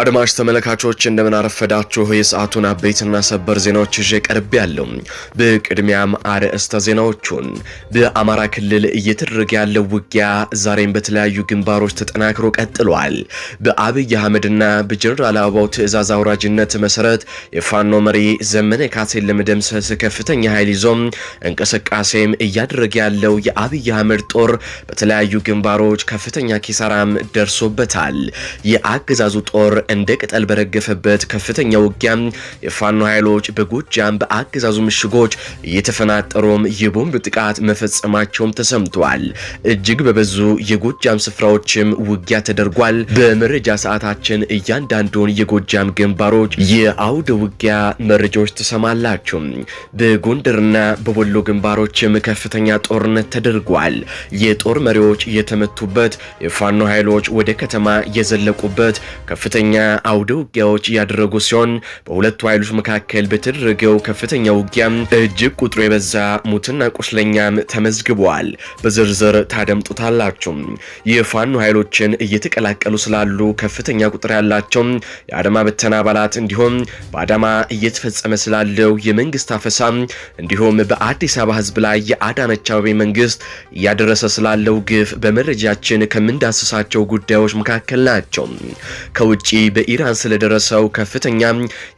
አድማጭ ተመልካቾች እንደምን አረፈዳችሁ። የሰዓቱን አበይትና ሰበር ዜናዎች ይዤ ያለው። በቅድሚያም አርዕስተ ዜናዎቹን። በአማራ ክልል እየተደረገ ያለው ውጊያ ዛሬም በተለያዩ ግንባሮች ተጠናክሮ ቀጥሏል። በአብይ አህመድና በጀኔራል አበባው ትዕዛዝ አውራጅነት መሰረት የፋኖ መሪ ዘመነ ካሴን ለመደምሰስ ከፍተኛ ኃይል ይዞም እንቅስቃሴም እያደረገ ያለው የአብይ አህመድ ጦር በተለያዩ ግንባሮች ከፍተኛ ኪሳራም ደርሶበታል። የአገዛዙ ጦር እንደ ቅጠል በረገፈበት ከፍተኛ ውጊያ የፋኖ ኃይሎች በጎጃም በአገዛዙ ምሽጎች እየተፈናጠሩም የቦምብ ጥቃት መፈጸማቸውም ተሰምተዋል። እጅግ በበዙ የጎጃም ስፍራዎችም ውጊያ ተደርጓል። በመረጃ ሰዓታችን እያንዳንዱን የጎጃም ግንባሮች የአውደ ውጊያ መረጃዎች ትሰማላችሁ። በጎንደርና በወሎ ግንባሮችም ከፍተኛ ጦርነት ተደርጓል። የጦር መሪዎች የተመቱበት የፋኖ ኃይሎች ወደ ከተማ የዘለቁበት ከፍተኛ አውደ ውጊያዎች እያደረጉ ሲሆን በሁለቱ ኃይሎች መካከል በተደረገው ከፍተኛ ውጊያ እጅግ ቁጥሩ የበዛ ሙትና ቁስለኛም ተመዝግበዋል። በዝርዝር ታደምጡታላችሁ። የፋኖ ኃይሎችን እየተቀላቀሉ ስላሉ ከፍተኛ ቁጥር ያላቸው የአድማ ብተና አባላት እንዲሁም በአዳማ እየተፈጸመ ስላለው የመንግስት አፈሳ እንዲሁም በአዲስ አበባ ህዝብ ላይ የአዳነች አበቤ መንግስት እያደረሰ ስላለው ግፍ በመረጃችን ከምንዳስሳቸው ጉዳዮች መካከል ናቸው። ከውጭ በኢራን ስለደረሰው ከፍተኛ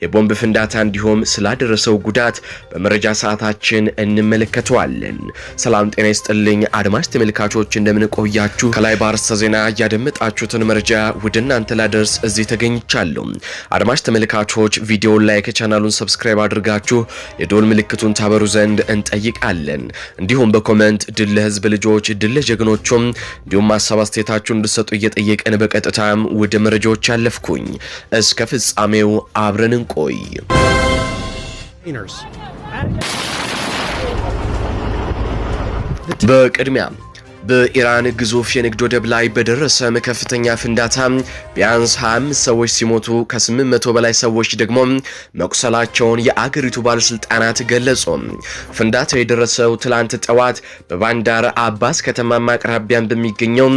የቦምብ ፍንዳታ እንዲሁም ስላደረሰው ጉዳት በመረጃ ሰዓታችን እንመለከተዋለን። ሰላም ጤና ይስጥልኝ አድማጭ ተመልካቾች፣ እንደምንቆያችሁ ከላይ በአርዕስተ ዜና ያደመጣችሁትን መረጃ ወደ እናንተ ላደርስ እዚህ ተገኝቻለሁ። አድማጭ ተመልካቾች ቪዲዮን ላይክ፣ ቻናሉን ሰብስክራይብ አድርጋችሁ የዶል ምልክቱን ታበሩ ዘንድ እንጠይቃለን። እንዲሁም በኮመንት ድል ለህዝብ ልጆች፣ ድል ለጀግኖቹም እንዲሁም ማሳብ አስተያየታችሁን እንድሰጡ እየጠየቀን በቀጥታም ወደ መረጃዎች አለፍኩ። አደረግኩኝ። እስከ ፍጻሜው አብረን እንቆይ። በቅድሚያ በኢራን ግዙፍ የንግድ ወደብ ላይ በደረሰም ከፍተኛ ፍንዳታ ቢያንስ 25 ሰዎች ሲሞቱ ከ800 በላይ ሰዎች ደግሞ መቁሰላቸውን የአገሪቱ ባለስልጣናት ገለጹ። ፍንዳታው የደረሰው ትላንት ጠዋት በባንዳር አባስ ከተማ አቅራቢያን በሚገኘው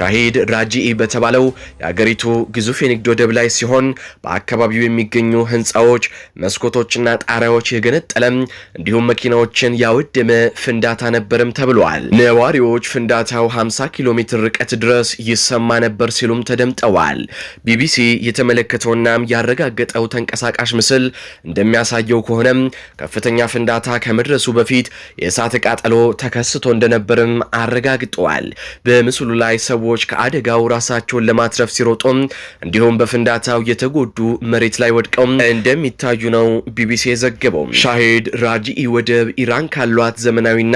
ሻሂድ ራጂኢ በተባለው የአገሪቱ ግዙፍ የንግድ ወደብ ላይ ሲሆን በአካባቢው የሚገኙ ህንፃዎች መስኮቶችና ጣሪያዎች የገነጠለም እንዲሁም መኪናዎችን ያወደመ ፍንዳታ ነበርም ተብሏል። ነዋሪዎች ፍንዳ ፍንዳታው 50 ኪሎ ሜትር ርቀት ድረስ ይሰማ ነበር ሲሉም ተደምጠዋል። ቢቢሲ የተመለከተውና ያረጋገጠው ተንቀሳቃሽ ምስል እንደሚያሳየው ከሆነም ከፍተኛ ፍንዳታ ከመድረሱ በፊት የእሳት ቃጠሎ ተከስቶ እንደነበርም አረጋግጠዋል። በምስሉ ላይ ሰዎች ከአደጋው ራሳቸውን ለማትረፍ ሲሮጡም እንዲሁም በፍንዳታው የተጎዱ መሬት ላይ ወድቀው እንደሚታዩ ነው ቢቢሲ የዘገበው። ሻሂድ ራጂኢ ወደብ ኢራን ካሏት ዘመናዊና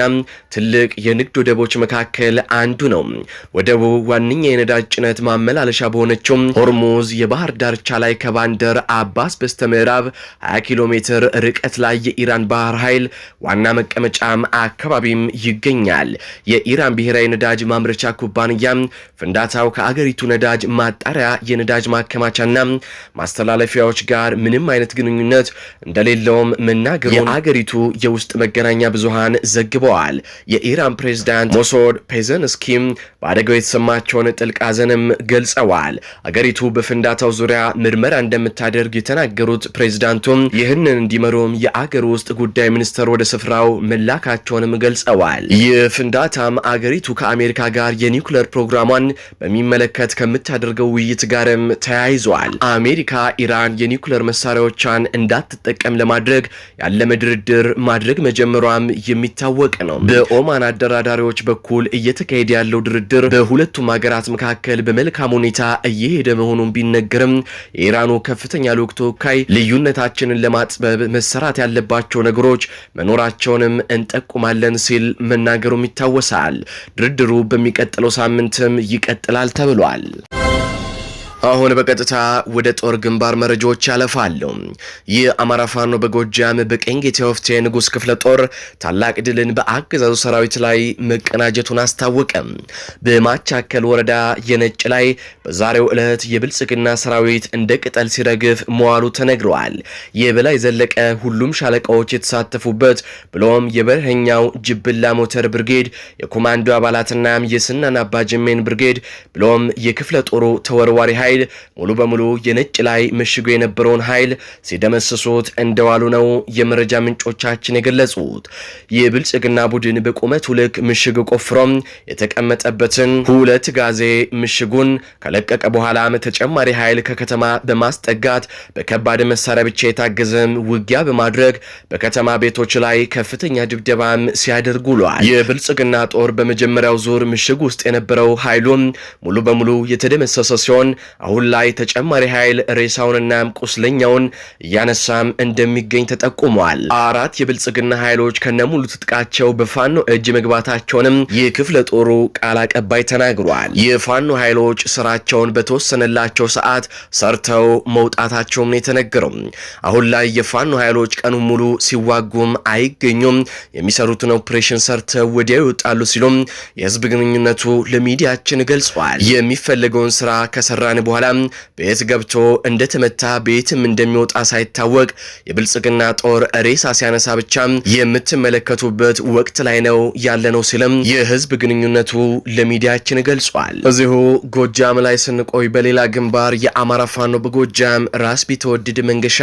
ትልቅ የንግድ ወደቦች መካከል መካከል አንዱ ነው። ወደቡ ዋነኛ የነዳጅ ጭነት ማመላለሻ በሆነችው ሆርሙዝ የባህር ዳርቻ ላይ ከባንደር አባስ በስተምዕራብ 20 ኪሎ ሜትር ርቀት ላይ የኢራን ባህር ኃይል ዋና መቀመጫም አካባቢም ይገኛል። የኢራን ብሔራዊ ነዳጅ ማምረቻ ኩባንያ ፍንዳታው ከአገሪቱ ነዳጅ ማጣሪያ የነዳጅ ማከማቻና ማስተላለፊያዎች ጋር ምንም አይነት ግንኙነት እንደሌለውም መናገሩን የአገሪቱ የውስጥ መገናኛ ብዙሃን ዘግበዋል። የኢራን ፕሬዝዳንት ሞሶድ ፔዘንስኪም በአደጋው የተሰማቸውን ጥልቅ ሐዘንም ገልጸዋል። አገሪቱ በፍንዳታው ዙሪያ ምርመራ እንደምታደርግ የተናገሩት ፕሬዚዳንቱም ይህንን እንዲመሩም የአገር ውስጥ ጉዳይ ሚኒስተር ወደ ስፍራው መላካቸውንም ገልጸዋል። ይህ ፍንዳታም አገሪቱ ከአሜሪካ ጋር የኒውክለር ፕሮግራሟን በሚመለከት ከምታደርገው ውይይት ጋርም ተያይዟል። አሜሪካ ኢራን የኒውክለር መሳሪያዎቿን እንዳትጠቀም ለማድረግ ያለመ ድርድር ማድረግ መጀመሯም የሚታወቅ ነው። በኦማን አደራዳሪዎች በኩል እየተካሄደ ያለው ድርድር በሁለቱም ሀገራት መካከል በመልካም ሁኔታ እየሄደ መሆኑን ቢነገርም የኢራኑ ከፍተኛ ልዑክ ተወካይ ልዩነታችንን ለማጥበብ መሰራት ያለባቸው ነገሮች መኖራቸውንም እንጠቁማለን ሲል መናገሩም ይታወሳል። ድርድሩ በሚቀጥለው ሳምንትም ይቀጥላል ተብሏል። አሁን በቀጥታ ወደ ጦር ግንባር መረጃዎች ይህ አማራ ፋኖ በጎጃም በቀኝ ጌታ ወፍቴ ንጉስ ክፍለ ጦር ታላቅ ድልን በአገዛዙ ሰራዊት ላይ መቀናጀቱን አስታወቀ። በማቻከል ወረዳ የነጭ ላይ በዛሬው ዕለት የብልጽግና ሰራዊት እንደ ቅጠል ሲረግፍ መዋሉ ተነግረዋል። የበላይ ዘለቀ ሁሉም ሻለቃዎች የተሳተፉበት ብሎም የበረኛው ጅብላ ሞተር ብርጌድ የኮማንዶ አባላትና የስናን አባጅሜን ብርጌድ ብሎም የክፍለ ጦሩ ተወርዋሪ ኃይል ኃይል ሙሉ በሙሉ የነጭ ላይ ምሽጉ የነበረውን ኃይል ሲደመስሱት እንደዋሉ ነው የመረጃ ምንጮቻችን የገለጹት። የብልጽግና ቡድን በቁመቱ ልክ ምሽግ ቆፍሮም የተቀመጠበትን ሁለት ጋዜ ምሽጉን ከለቀቀ በኋላም ተጨማሪ ኃይል ከከተማ በማስጠጋት በከባድ መሳሪያ ብቻ የታገዘም ውጊያ በማድረግ በከተማ ቤቶች ላይ ከፍተኛ ድብደባም ሲያደርጉ ውሏል። የብልጽግና ጦር በመጀመሪያው ዙር ምሽግ ውስጥ የነበረው ኃይሉም ሙሉ በሙሉ የተደመሰሰ ሲሆን አሁን ላይ ተጨማሪ ኃይል ሬሳውንና ቁስለኛውን እያነሳም እንደሚገኝ ተጠቁሟል። አራት የብልጽግና ኃይሎች ከነሙሉ ትጥቃቸው በፋኖ እጅ መግባታቸውንም የክፍለ ጦሩ ቃል አቀባይ ተናግሯል። የፋኖ ኃይሎች ስራቸውን በተወሰነላቸው ሰዓት ሰርተው መውጣታቸውም የተነገረው። አሁን ላይ የፋኖ ኃይሎች ቀኑ ሙሉ ሲዋጉም አይገኙም። የሚሰሩትን ኦፕሬሽን ሰርተው ወዲያው ይወጣሉ ሲሉም የህዝብ ግንኙነቱ ለሚዲያችን ገልጿል። የሚፈለገውን ስራ ከሰራን በኋላ ቤት ገብቶ እንደተመታ ቤትም እንደሚወጣ ሳይታወቅ የብልጽግና ጦር ሬሳ ሲያነሳ ብቻ የምትመለከቱበት ወቅት ላይ ነው ያለነው ሲልም የህዝብ ግንኙነቱ ለሚዲያችን ገልጿል። እዚሁ ጎጃም ላይ ስንቆይ በሌላ ግንባር የአማራ ፋኖ በጎጃም ራስ ቢተወድድ መንገሻ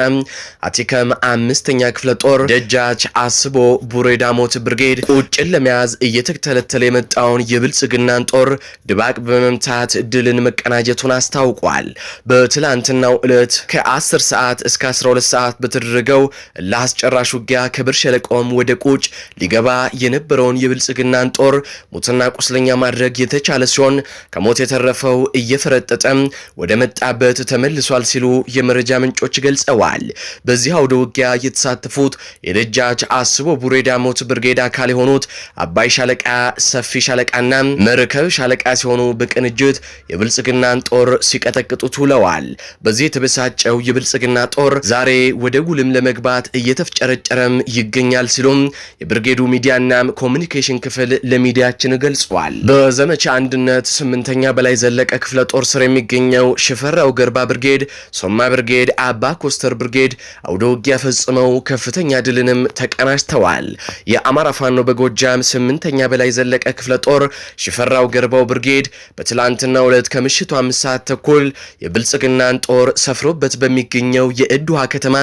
አቲከም አምስተኛ ክፍለ ጦር ደጃች አስቦ ቡሬዳ ሞት ብርጌድ ቁጭን ለመያዝ እየተተለተለ የመጣውን የብልጽግናን ጦር ድባቅ በመምታት ድልን መቀናጀቱን አስታውቋል። ታውቋል። በትላንትናው ዕለት ከ10 ሰዓት እስከ 12 ሰዓት በተደረገው ለአስጨራሽ ውጊያ ከብር ሸለቆም ወደ ቁጭ ሊገባ የነበረውን የብልጽግናን ጦር ሙትና ቁስለኛ ማድረግ የተቻለ ሲሆን ከሞት የተረፈው እየፈረጠጠም ወደ መጣበት ተመልሷል ሲሉ የመረጃ ምንጮች ገልጸዋል። በዚህ አውደ ውጊያ የተሳተፉት የደጃች አስቦ ቡሬ ዳሞት ብርጌድ አካል የሆኑት አባይ ሻለቃ፣ ሰፊ ሻለቃና መርከብ ሻለቃ ሲሆኑ በቅንጅት የብልጽግናን ጦር ሲ ሲቀጠቅጡት ውለዋል። በዚህ የተበሳጨው የብልጽግና ጦር ዛሬ ወደ ጉልም ለመግባት እየተፍጨረጨረም ይገኛል ሲሉም የብርጌዱ ሚዲያና ኮሚኒኬሽን ክፍል ለሚዲያችን ገልጿል። በዘመቻ አንድነት ስምንተኛ በላይ ዘለቀ ክፍለ ጦር ስር የሚገኘው ሽፈራው ገርባ ብርጌድ፣ ሶማ ብርጌድ፣ አባ ኮስተር ብርጌድ አውደ ውጊያ ፈጽመው ከፍተኛ ድልንም ተቀናጅተዋል። የአማራ ፋኖ በጎጃም ስምንተኛ በላይ ዘለቀ ክፍለ ጦር ሽፈራው ገርባው ብርጌድ በትላንትና ዕለት ከምሽቱ አምስት ሰዓት ተኩል በኩል የብልጽግናን ጦር ሰፍሮበት በሚገኘው የእድሃ ከተማ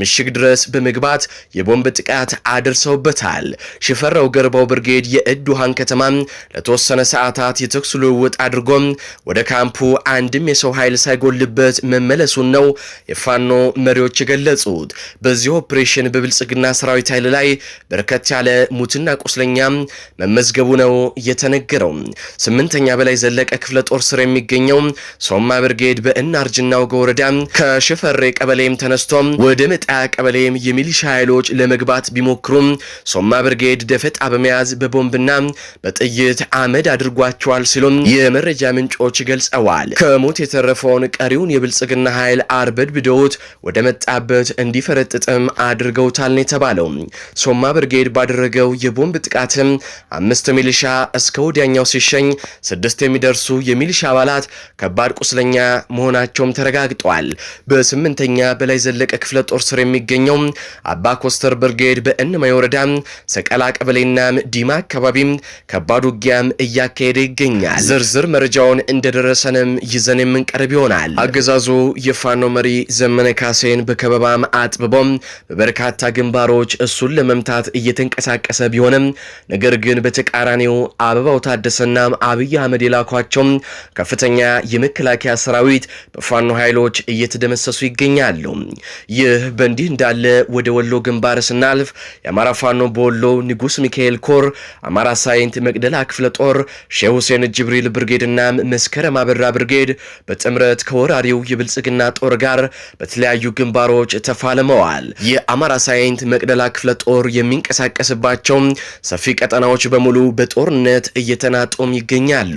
ምሽግ ድረስ በመግባት የቦምብ ጥቃት አድርሰውበታል። ሽፈራው ገርባው ብርጌድ የእድሃን ከተማ ለተወሰነ ሰዓታት የተኩስ ልውውጥ አድርጎ ወደ ካምፑ አንድም የሰው ኃይል ሳይጎልበት መመለሱን ነው የፋኖ መሪዎች የገለጹት። በዚህ ኦፕሬሽን በብልጽግና ሰራዊት ኃይል ላይ በርከት ያለ ሙትና ቁስለኛ መመዝገቡ ነው የተነገረው። ስምንተኛ በላይ ዘለቀ ክፍለ ጦር ስር የሚገኘው ሮማ ብርጌድ በእናርጅና ወገ ወረዳ ከሽፈሬ ቀበሌም ተነስቶም ወደ መጣ ቀበሌም የሚሊሻ ኃይሎች ለመግባት ቢሞክሩም ሶማ ብርጌድ ደፈጣ በመያዝ በቦምብና በጥይት አመድ አድርጓቸዋል ሲሉም የመረጃ ምንጮች ገልጸዋል። ከሞት የተረፈውን ቀሪውን የብልጽግና ኃይል አርበድ ብደውት ወደ መጣበት እንዲፈረጥጥም አድርገውታል ነው የተባለው። ሶማ ብርጌድ ባደረገው የቦምብ ጥቃትም አምስት ሚሊሻ እስከ ወዲያኛው ሲሸኝ ስድስት የሚደርሱ የሚሊሻ አባላት ከባድ ቁስ ቁስለኛ መሆናቸውም ተረጋግጧል። በስምንተኛ በላይ ዘለቀ ክፍለ ጦር ስር የሚገኘው አባ ኮስተር ብርጌድ በእነማይ ወረዳ ሰቀላ ቀበሌና ዲማ አካባቢም ከባድ ውጊያም እያካሄደ ይገኛል። ዝርዝር መረጃውን እንደደረሰንም ይዘን የምንቀርብ ይሆናል። አገዛዙ የፋኖ መሪ ዘመነ ካሴን በከበባም አጥብቦም በበርካታ ግንባሮች እሱን ለመምታት እየተንቀሳቀሰ ቢሆንም ነገር ግን በተቃራኒው አበባው ታደሰና አብይ አህመድ የላኳቸው ከፍተኛ የመከላከያ መከላከያ ሰራዊት በፋኖ ኃይሎች እየተደመሰሱ ይገኛሉ። ይህ በእንዲህ እንዳለ ወደ ወሎ ግንባር ስናልፍ የአማራ ፋኖ በወሎ ንጉስ ሚካኤል ኮር አማራ ሳይንት መቅደላ ክፍለ ጦር ሼህ ሁሴን ጅብሪል ብርጌድና መስከረም አበራ ብርጌድ በጥምረት ከወራሪው የብልጽግና ጦር ጋር በተለያዩ ግንባሮች ተፋልመዋል። የአማራ ሳይንት መቅደላ ክፍለ ጦር የሚንቀሳቀስባቸው ሰፊ ቀጠናዎች በሙሉ በጦርነት እየተናጡም ይገኛሉ።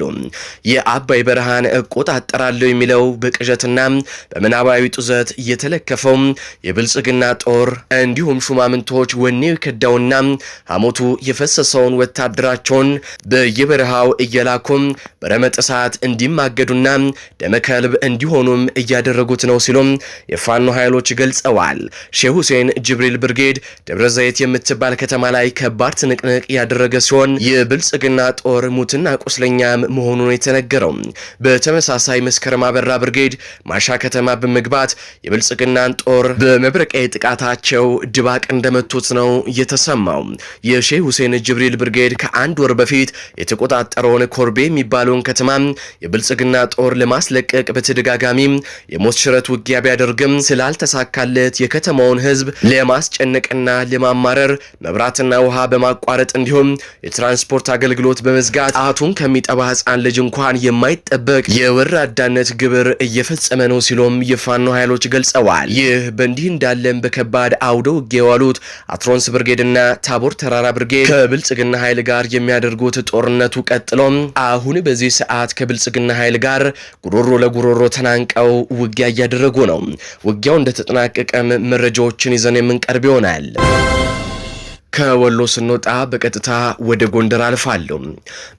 የአባይ በረሃን እቆጣጠራለሁ አለው የሚለው በቅዠትና በምናባዊ ጡዘት እየተለከፈው የብልጽግና ጦር እንዲሁም ሹማምንቶች ወኔው የከዳውና ሐሞቱ የፈሰሰውን ወታደራቸውን በየበረሃው እየላኩም በረመጠ ሰዓት እንዲማገዱና ደመከልብ እንዲሆኑም እያደረጉት ነው ሲሉም የፋኖ ኃይሎች ገልጸዋል። ሼህ ሁሴን ጅብሪል ብርጌድ ደብረ ዘይት የምትባል ከተማ ላይ ከባድ ትንቅንቅ ያደረገ ሲሆን የብልጽግና ጦር ሙትና ቁስለኛም መሆኑን የተነገረው በተመሳሳይ መስከ መስከረም አበራ ብርጌድ ማሻ ከተማ በመግባት የብልጽግናን ጦር በመብረቃዊ ጥቃታቸው ድባቅ እንደመቱት ነው የተሰማው። የሼህ ሁሴን ጅብሪል ብርጌድ ከአንድ ወር በፊት የተቆጣጠረውን ኮርቤ የሚባለውን ከተማ የብልጽግና ጦር ለማስለቀቅ በተደጋጋሚ የሞት ሽረት ውጊያ ቢያደርግም ስላልተሳካለት የከተማውን ህዝብ ለማስጨነቅና ለማማረር መብራትና ውሃ በማቋረጥ እንዲሁም የትራንስፖርት አገልግሎት በመዝጋት ጣቱን ከሚጠባ ሕፃን ልጅ እንኳን የማይጠበቅ የወራዳን የጦርነት ግብር እየፈጸመ ነው ሲሉም የፋኖ ኃይሎች ገልጸዋል። ይህ በእንዲህ እንዳለም በከባድ አውደ ውጊያ የዋሉት አትሮንስ ብርጌድና ታቦር ተራራ ብርጌድ ከብልጽግና ኃይል ጋር የሚያደርጉት ጦርነቱ ቀጥሎም አሁን በዚህ ሰዓት ከብልጽግና ኃይል ጋር ጉሮሮ ለጉሮሮ ተናንቀው ውጊያ እያደረጉ ነው። ውጊያው እንደተጠናቀቀም መረጃዎችን ይዘን የምንቀርብ ይሆናል። ከወሎ ስንወጣ በቀጥታ ወደ ጎንደር አልፋለሁ።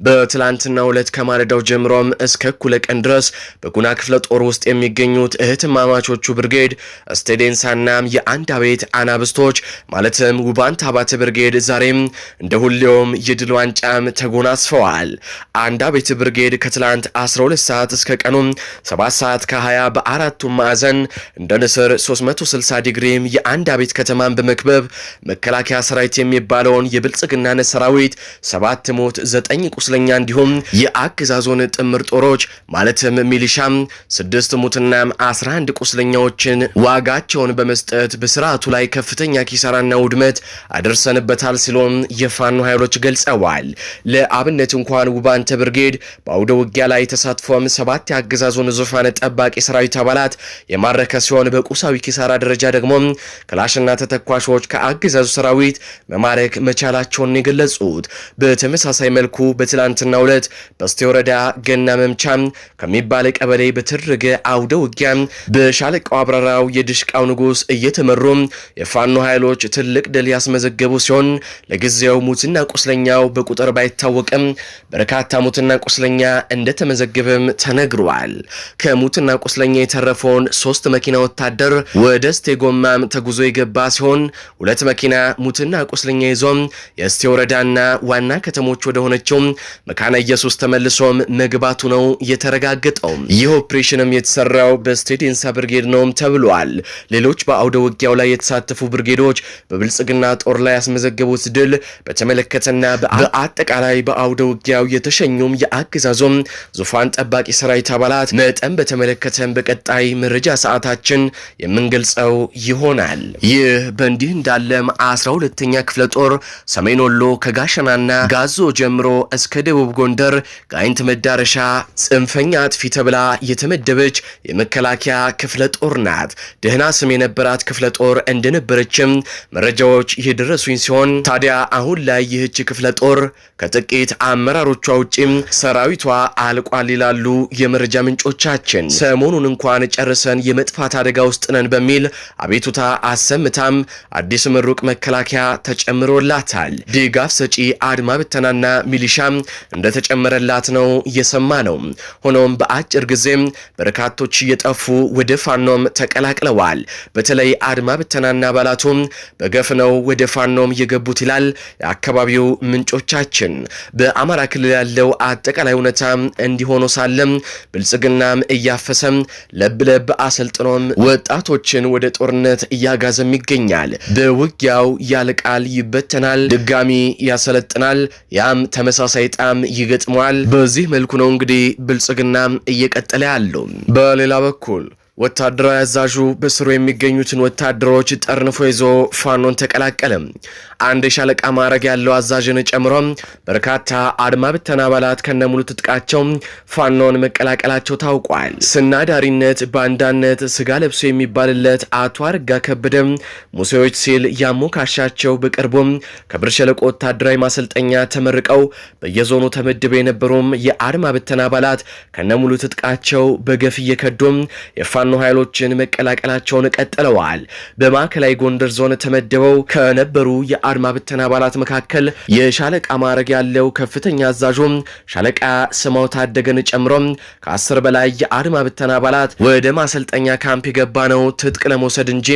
በትላንትና ሁለት ከማለዳው ጀምሮም እስከ እኩለ ቀን ድረስ በጉና ክፍለ ጦር ውስጥ የሚገኙት እህትማማቾቹ ብርጌድ ስቴዴንሳና የአንድ አቤት አናብስቶች ማለትም ውባን ታባት ብርጌድ ዛሬም እንደ ሁሌውም የድል ዋንጫም ተጎናስፈዋል። አንድ አቤት ብርጌድ ከትላንት 12 ሰዓት እስከ ቀኑ 7 ሰዓት ከ20 በአራቱም ማዕዘን እንደ ንስር 360 ዲግሪም የአንድ አቤት ከተማን በመክበብ መከላከያ ሰራዊት የሚባለውን የብልጽግናን ሰራዊት ሰባት ሞት ዘጠኝ ቁስለኛ እንዲሁም የአገዛዞን ጥምር ጦሮች ማለትም ሚሊሻም ስድስት ሙትና 11 ቁስለኛዎችን ዋጋቸውን በመስጠት በስርዓቱ ላይ ከፍተኛ ኪሳራና ውድመት አደርሰንበታል ሲሎም የፋኖ ኃይሎች ገልጸዋል። ለአብነት እንኳን ውባንተ ብርጌድ በአውደ ውጊያ ላይ ተሳትፎም ሰባት የአገዛዞን ዙፋን ጠባቂ ሰራዊት አባላት የማረከ ሲሆን በቁሳዊ ኪሳራ ደረጃ ደግሞ ክላሽና ተተኳሾች ከአገዛዙ ሰራዊት መማረክ መቻላቸውን የገለጹት። በተመሳሳይ መልኩ በትላንትና ዕለት በስቴ ወረዳ ገና መምቻም ከሚባለ ቀበሌ በተደረገ አውደ ውጊያ በሻለቃው አብራራው የድሽቃው ንጉስ እየተመሩ የፋኖ ኃይሎች ትልቅ ድል ያስመዘገቡ ሲሆን ለጊዜው ሙትና ቁስለኛው በቁጥር ባይታወቅም በርካታ ሙትና ቁስለኛ እንደተመዘገበም ተነግሯል። ከሙትና ቁስለኛ የተረፈውን ሶስት መኪና ወታደር ወደ ስቴጎማም ተጉዞ የገባ ሲሆን ሁለት መኪና ሙትና ቁስ እስረኛ ይዞ የእስቴ ወረዳና ዋና ከተሞች ወደ ሆነችው መካነ ኢየሱስ ተመልሶም መግባቱ ነው የተረጋገጠው። ይህ ኦፕሬሽንም የተሰራው በስቴዴንሳ ብርጌድ ነውም ተብሏል። ሌሎች በአውደ ውጊያው ላይ የተሳተፉ ብርጌዶች በብልጽግና ጦር ላይ ያስመዘገቡት ድል በተመለከተና በአጠቃላይ በአውደ ውጊያው የተሸኙም የአገዛዞም ዙፋን ጠባቂ ሰራዊት አባላት መጠን በተመለከተም በቀጣይ መረጃ ሰዓታችን የምንገልጸው ይሆናል። ይህ በእንዲህ እንዳለም አስራ ሁለተኛ ክፍለ ጦር ሰሜን ወሎ ከጋሸናና ጋዞ ጀምሮ እስከ ደቡብ ጎንደር ጋይንት መዳረሻ ጽንፈኛ አጥፊ ተብላ የተመደበች የመከላከያ ክፍለ ጦር ናት። ደህና ስም የነበራት ክፍለ ጦር እንደነበረችም መረጃዎች የደረሱኝ ሲሆን ታዲያ አሁን ላይ ይህች ክፍለ ጦር ከጥቂት አመራሮቿ ውጪም ሰራዊቷ አልቋል ይላሉ የመረጃ ምንጮቻችን። ሰሞኑን እንኳን ጨርሰን የመጥፋት አደጋ ውስጥ ነን በሚል አቤቱታ አሰምታም አዲስ ምሩቅ መከላከያ ተጨምሮላታል። ድጋፍ ሰጪ አድማ ብተናና ሚሊሻም እንደተጨመረላት ነው እየሰማ ነው። ሆኖም በአጭር ጊዜም በርካቶች እየጠፉ ወደ ፋኖም ተቀላቅለዋል። በተለይ አድማ ብተናና አባላቱም በገፍ ነው ወደ ፋኖም የገቡት ይላል የአካባቢው ምንጮቻችን። በአማራ ክልል ያለው አጠቃላይ ሁኔታ እንዲሆኑ ሳለም ብልጽግናም እያፈሰም ለብ ለብ አሰልጥኖም ወጣቶችን ወደ ጦርነት እያጋዘም ይገኛል። በውጊያው ያልቃል ይበተናል፣ ድጋሚ ያሰለጥናል፣ ያም ተመሳሳይ ጣም ይገጥመዋል። በዚህ መልኩ ነው እንግዲህ ብልጽግና እየቀጠለ ያለው። በሌላ በኩል ወታደራዊ አዛዡ በስሩ የሚገኙትን ወታደሮች ጠርንፎ ይዞ ፋኖን ተቀላቀለ። አንድ የሻለቃ ማዕረግ ያለው አዛዥን ጨምሮ በርካታ አድማ ብተና አባላት ከነሙሉ ትጥቃቸው ፋኖን መቀላቀላቸው ታውቋል። ስናዳሪነት፣ ባንዳነት ስጋ ለብሶ የሚባልለት አቶ አረጋ ከበደ ሙሴዎች ሲል ያሞካሻቸው በቅርቡ ከብር ሸለቆ ወታደራዊ ማሰልጠኛ ተመርቀው በየዞኑ ተመድበው የነበሩም የአድማ ብተና አባላት ከነሙሉ ትጥቃቸው በገፍ እየከዱም የፋኖ ኃይሎችን መቀላቀላቸውን ቀጥለዋል። በማዕከላዊ ጎንደር ዞን ተመድበው ከነበሩ የአድማ ብተና አባላት መካከል የሻለቃ ማዕረግ ያለው ከፍተኛ አዛዡም ሻለቃ ስማው ታደገን ጨምሮም ከአስር በላይ የአድማ ብተና አባላት ወደ ማሰልጠኛ ካምፕ የገባ ነው ትጥቅ ለመውሰድ እንጂ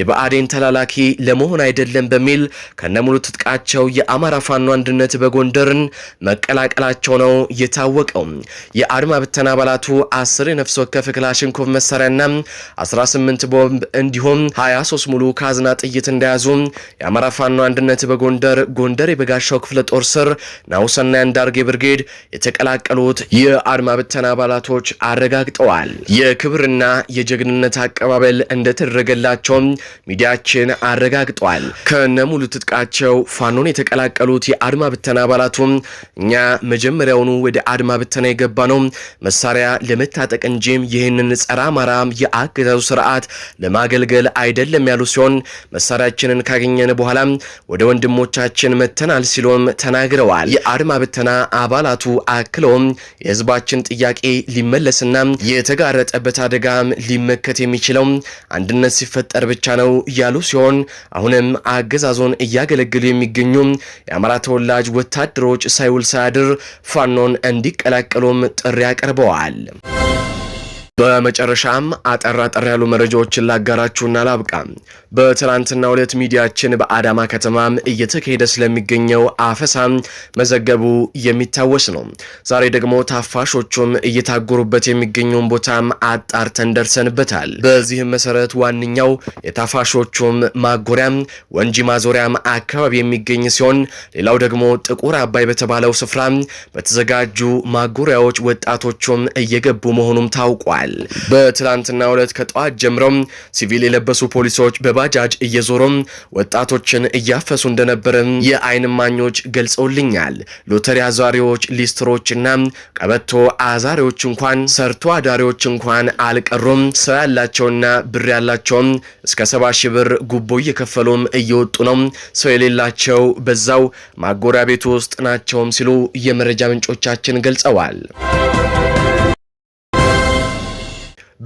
የብአዴን ተላላኪ ለመሆን አይደለም በሚል ከነሙሉ ትጥቃቸው የአማራ ፋኖ አንድነት በጎንደርን መቀላቀላቸው ነው የታወቀው። የአድማ ብተና አባላቱ አስር የነፍስ ወከፍ ክላሽንኮቭ መሳሪያ መሳሪያና 18 ቦምብ እንዲሁም 23 ሙሉ ካዝና ጥይት እንደያዙ የአማራ ፋኖ አንድነት በጎንደር ጎንደር የበጋሻው ክፍለ ጦር ስር ናውሰና ያንዳርጌ ብርጌድ የተቀላቀሉት የአድማ ብተና አባላቶች አረጋግጠዋል። የክብርና የጀግንነት አቀባበል እንደተደረገላቸውም ሚዲያችን አረጋግጧል። ከነ ሙሉ ትጥቃቸው ፋኖን የተቀላቀሉት የአድማ ብተና አባላቱም እኛ መጀመሪያውኑ ወደ አድማ ብተና የገባ ነው መሳሪያ ለመታጠቅ እንጂም ይህንን ጸረ አማራ በኋላም የአገዛዙ ስርዓት ለማገልገል አይደለም ያሉ ሲሆን መሳሪያችንን ካገኘን በኋላም ወደ ወንድሞቻችን መተናል ሲሉም ተናግረዋል። የአድማ ብተና አባላቱ አክለውም የህዝባችን ጥያቄ ሊመለስና የተጋረጠበት አደጋም ሊመከት የሚችለው አንድነት ሲፈጠር ብቻ ነው ያሉ ሲሆን አሁንም አገዛዞን እያገለገሉ የሚገኙ የአማራ ተወላጅ ወታደሮች ሳይውል ሳያድር ፋኖን እንዲቀላቀሉም ጥሪ አቅርበዋል። በመጨረሻም አጠር አጠር ያሉ መረጃዎችን ላጋራችሁና ላብቃ። በትናንትናው ዕለት ሚዲያችን በአዳማ ከተማም እየተካሄደ ስለሚገኘው አፈሳም መዘገቡ የሚታወስ ነው። ዛሬ ደግሞ ታፋሾቹም እየታጎሩበት የሚገኘውን ቦታም አጣርተን ደርሰንበታል። በዚህም መሰረት ዋነኛው የታፋሾቹም ማጎሪያም ወንጂ ማዞሪያም አካባቢ የሚገኝ ሲሆን፣ ሌላው ደግሞ ጥቁር አባይ በተባለው ስፍራ በተዘጋጁ ማጎሪያዎች ወጣቶቹም እየገቡ መሆኑም ታውቋል። ተናግረዋል። በትላንትና ዕለት ከጠዋት ጀምረው ሲቪል የለበሱ ፖሊሶች በባጃጅ እየዞሩ ወጣቶችን እያፈሱ እንደነበረ የአይን ማኞች ገልጸውልኛል። ሎተሪ አዛሪዎች፣ ሊስትሮችና ቀበቶ አዛሪዎች እንኳን ሰርቶ አዳሪዎች እንኳን አልቀሩም። ሰው ያላቸውና ብር ያላቸው እስከ ሰባ ሺህ ብር ጉቦ እየከፈሉም እየወጡ ነው። ሰው የሌላቸው በዛው ማጎሪያ ቤት ውስጥ ናቸውም ሲሉ የመረጃ ምንጮቻችን ገልጸዋል።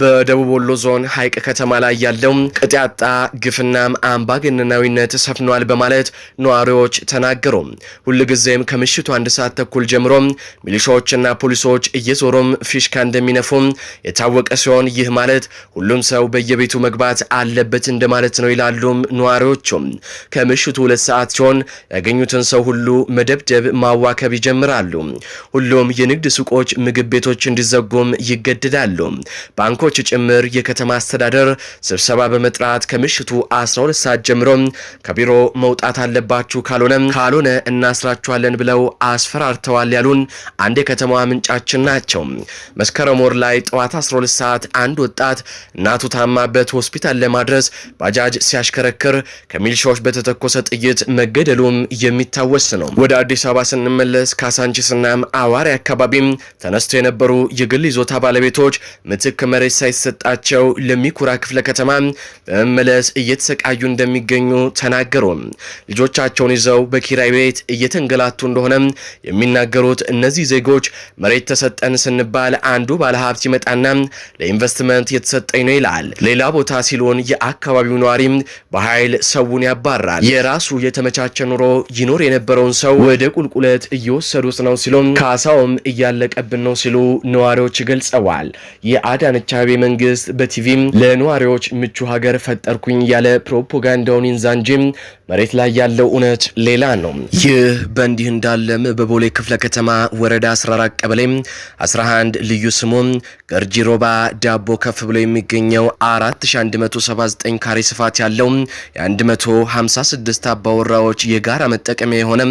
በደቡብ ወሎ ዞን ሐይቅ ከተማ ላይ ያለው ቅጥያጣ ግፍና አምባገነናዊነት ሰፍኗል በማለት ነዋሪዎች ተናገሩ። ሁልጊዜም ከምሽቱ አንድ ሰዓት ተኩል ጀምሮ ሚሊሻዎችና ፖሊሶች እየዞሩም ፊሽካ እንደሚነፉ የታወቀ ሲሆን ይህ ማለት ሁሉም ሰው በየቤቱ መግባት አለበት እንደማለት ነው ይላሉም ነዋሪዎቹ ከምሽቱ ሁለት ሰዓት ሲሆን ያገኙትን ሰው ሁሉ መደብደብ፣ ማዋከብ ይጀምራሉ። ሁሉም የንግድ ሱቆች፣ ምግብ ቤቶች እንዲዘጉም ይገደዳሉ። ባንኮ ባንኮች ጭምር የከተማ አስተዳደር ስብሰባ በመጥራት ከምሽቱ 12 ሰዓት ጀምሮ ከቢሮ መውጣት አለባችሁ ካልሆነ ካልሆነ እናስራችኋለን ብለው አስፈራርተዋል ያሉን አንድ የከተማዋ ምንጫችን ናቸው። መስከረም ወር ላይ ጠዋት 12 ሰዓት አንድ ወጣት እናቱ ታማበት ሆስፒታል ለማድረስ ባጃጅ ሲያሽከረክር ከሚልሻዎች በተተኮሰ ጥይት መገደሉም የሚታወስ ነው። ወደ አዲስ አበባ ስንመለስ ካሳንቺስና አዋሪ አካባቢም ተነስተው የነበሩ የግል ይዞታ ባለቤቶች ምትክ መሬት ምላሽ ሳይሰጣቸው ለሚኩራ ክፍለ ከተማ በመመለስ እየተሰቃዩ እንደሚገኙ ተናገሩ። ልጆቻቸውን ይዘው በኪራይ ቤት እየተንገላቱ እንደሆነ የሚናገሩት እነዚህ ዜጎች መሬት ተሰጠን ስንባል አንዱ ባለሀብት ይመጣና ለኢንቨስትመንት የተሰጠኝ ነው ይላል። ሌላ ቦታ ሲሉን የአካባቢው ነዋሪም በኃይል ሰውን ያባራል። የራሱ የተመቻቸ ኑሮ ይኖር የነበረውን ሰው ወደ ቁልቁለት እየወሰዱት ነው ሲሉም ካሳውም እያለቀብን ነው ሲሉ ነዋሪዎች ገልጸዋል። የአዳነቻ ጊዜያዊ መንግስት በቲቪም ለነዋሪዎች ምቹ ሀገር ፈጠርኩኝ ያለ ፕሮፓጋንዳውን ይንዛ እንጂ መሬት ላይ ያለው እውነት ሌላ ነው። ይህ በእንዲህ እንዳለም በቦሌ ክፍለ ከተማ ወረዳ 14 ቀበሌ 11 ልዩ ስሙ ገርጂ ሮባ ዳቦ ከፍ ብሎ የሚገኘው 4179 ካሬ ስፋት ያለው የ156 አባወራዎች የጋራ መጠቀሚያ የሆነ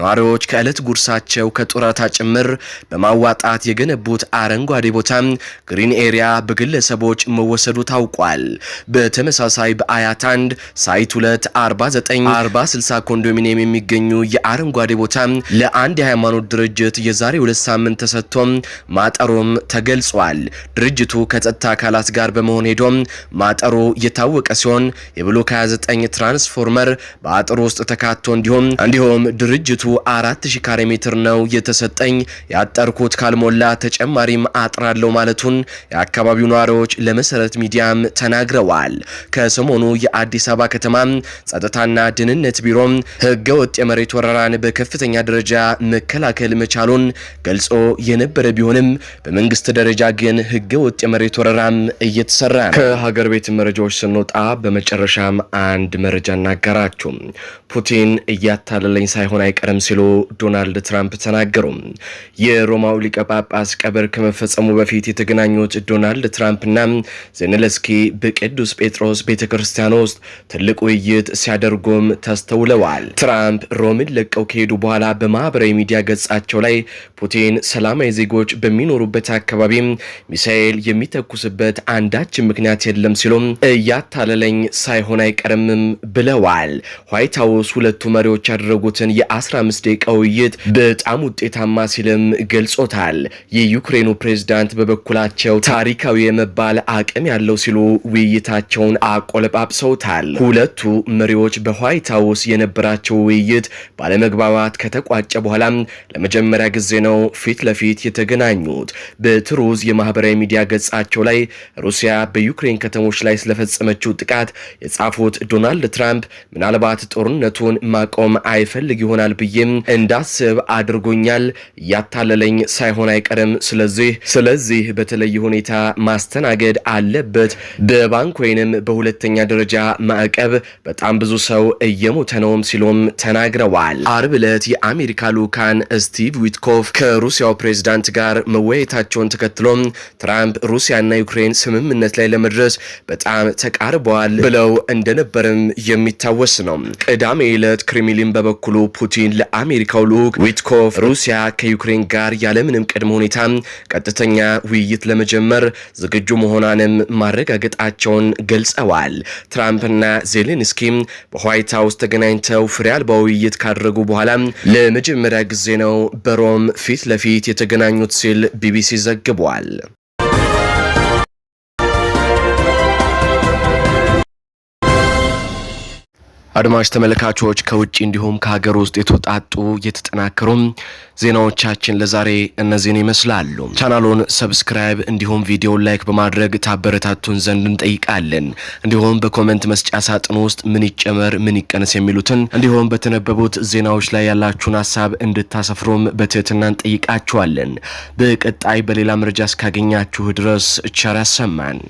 ነዋሪዎች ከዕለት ጉርሳቸው ከጡረታ ጭምር በማዋጣት የገነቡት አረንጓዴ ቦታ ግሪን ኤሪያ በግለሰቦች መወሰዱ ታውቋል። በተመሳሳይ በአያት 1 ሳይት 249 49 60 ኮንዶሚኒየም የሚገኙ የአረንጓዴ ቦታ ለአንድ የሃይማኖት ድርጅት የዛሬ ሁለት ሳምንት ተሰጥቶም ማጠሮም ተገልጿል። ድርጅቱ ከጸጥታ አካላት ጋር በመሆን ሄዶም ማጠሮ የታወቀ ሲሆን የብሎክ 29 ትራንስፎርመር በአጥሩ ውስጥ ተካቶ እንዲሁም እንዲሁም ድርጅቱ 4000 ካሬ ሜትር ነው የተሰጠኝ ያጠርኩት ካልሞላ ተጨማሪም አጥራለው ማለቱን የአካባቢው ነዋሪዎች ለመሰረት ሚዲያም ተናግረዋል። ከሰሞኑ የአዲስ አበባ ከተማ ጸጥታና ደህንነት ቢሮ ህገ ወጥ የመሬት ወረራን በከፍተኛ ደረጃ መከላከል መቻሉን ገልጾ የነበረ ቢሆንም በመንግስት ደረጃ ግን ህገ ወጥ የመሬት ወረራም እየተሰራ ነው። ከሀገር ቤት መረጃዎች ስንወጣ በመጨረሻም አንድ መረጃ እናገራችሁ። ፑቲን እያታለለኝ ሳይሆን አይቀርም ሲሉ ዶናልድ ትራምፕ ተናገሩ። የሮማው ሊቀ ጳጳስ ቀብር ከመፈጸሙ በፊት የተገናኙት ዶናልድ ትራምፕና ዘነለስኪ በቅዱስ ጴጥሮስ ቤተ ክርስቲያን ውስጥ ትልቅ ውይይት ሲያደርጉ ሲተረጎም ተስተውለዋል። ትራምፕ ሮምን ለቀው ከሄዱ በኋላ በማህበራዊ ሚዲያ ገጻቸው ላይ ፑቲን ሰላማዊ ዜጎች በሚኖሩበት አካባቢ ሚሳኤል የሚተኩስበት አንዳችን ምክንያት የለም ሲሉም እያታለለኝ ሳይሆን አይቀርምም ብለዋል። ዋይት ሀውስ ሁለቱ መሪዎች ያደረጉትን የ15 ደቂቃ ውይይት በጣም ውጤታማ ሲልም ገልጾታል። የዩክሬኑ ፕሬዝዳንት በበኩላቸው ታሪካዊ የመባል አቅም ያለው ሲሉ ውይይታቸውን አቆለጳጵሰውታል። ሁለቱ መሪዎች በ በዋይት ሀውስ የነበራቸው ውይይት ባለመግባባት ከተቋጨ በኋላ ለመጀመሪያ ጊዜ ነው ፊት ለፊት የተገናኙት። በትሩዝ የማህበራዊ ሚዲያ ገጻቸው ላይ ሩሲያ በዩክሬን ከተሞች ላይ ስለፈጸመችው ጥቃት የጻፉት ዶናልድ ትራምፕ ምናልባት ጦርነቱን ማቆም አይፈልግ ይሆናል ብዬም እንዳስብ አድርጎኛል። እያታለለኝ ሳይሆን አይቀርም። ስለዚህ ስለዚህ በተለየ ሁኔታ ማስተናገድ አለበት። በባንክ ወይንም በሁለተኛ ደረጃ ማዕቀብ በጣም ብዙ ሰው እየሞተ ነውም ሲሉም ተናግረዋል። አርብ ዕለት የአሜሪካ ልዑካን ስቲቭ ዊትኮፍ ከሩሲያው ፕሬዝዳንት ጋር መወያየታቸውን ተከትሎም ትራምፕ ሩሲያና ዩክሬን ስምምነት ላይ ለመድረስ በጣም ተቃርበዋል ብለው እንደነበርም የሚታወስ ነው። ቅዳሜ ዕለት ክሬምሊን በበኩሉ ፑቲን ለአሜሪካው ልዑክ ዊትኮፍ ሩሲያ ከዩክሬን ጋር ያለምንም ቅድመ ሁኔታ ቀጥተኛ ውይይት ለመጀመር ዝግጁ መሆኗንም ማረጋገጣቸውን ገልጸዋል። ትራምፕና ዜሌንስኪ በዋይት ዋይት ሀውስ ተገናኝተው ፍሬ አልባ ውይይት ካደረጉ በኋላ ለመጀመሪያ ጊዜ ነው በሮም ፊት ለፊት የተገናኙት ሲል ቢቢሲ ዘግቧል። አድማጭ ተመልካቾች ከውጭ እንዲሁም ከሀገር ውስጥ የተውጣጡ የተጠናከሩም ዜናዎቻችን ለዛሬ እነዚህን ይመስላሉ። ቻናሉን ሰብስክራይብ እንዲሁም ቪዲዮን ላይክ በማድረግ ታበረታቱን ዘንድ እንጠይቃለን። እንዲሁም በኮመንት መስጫ ሳጥን ውስጥ ምን ይጨመር ምን ይቀነስ የሚሉትን እንዲሁም በተነበቡት ዜናዎች ላይ ያላችሁን ሀሳብ እንድታሰፍሩም በትህትና እንጠይቃችኋለን። በቀጣይ በሌላ መረጃ እስካገኛችሁ ድረስ ቸር ያሰማን።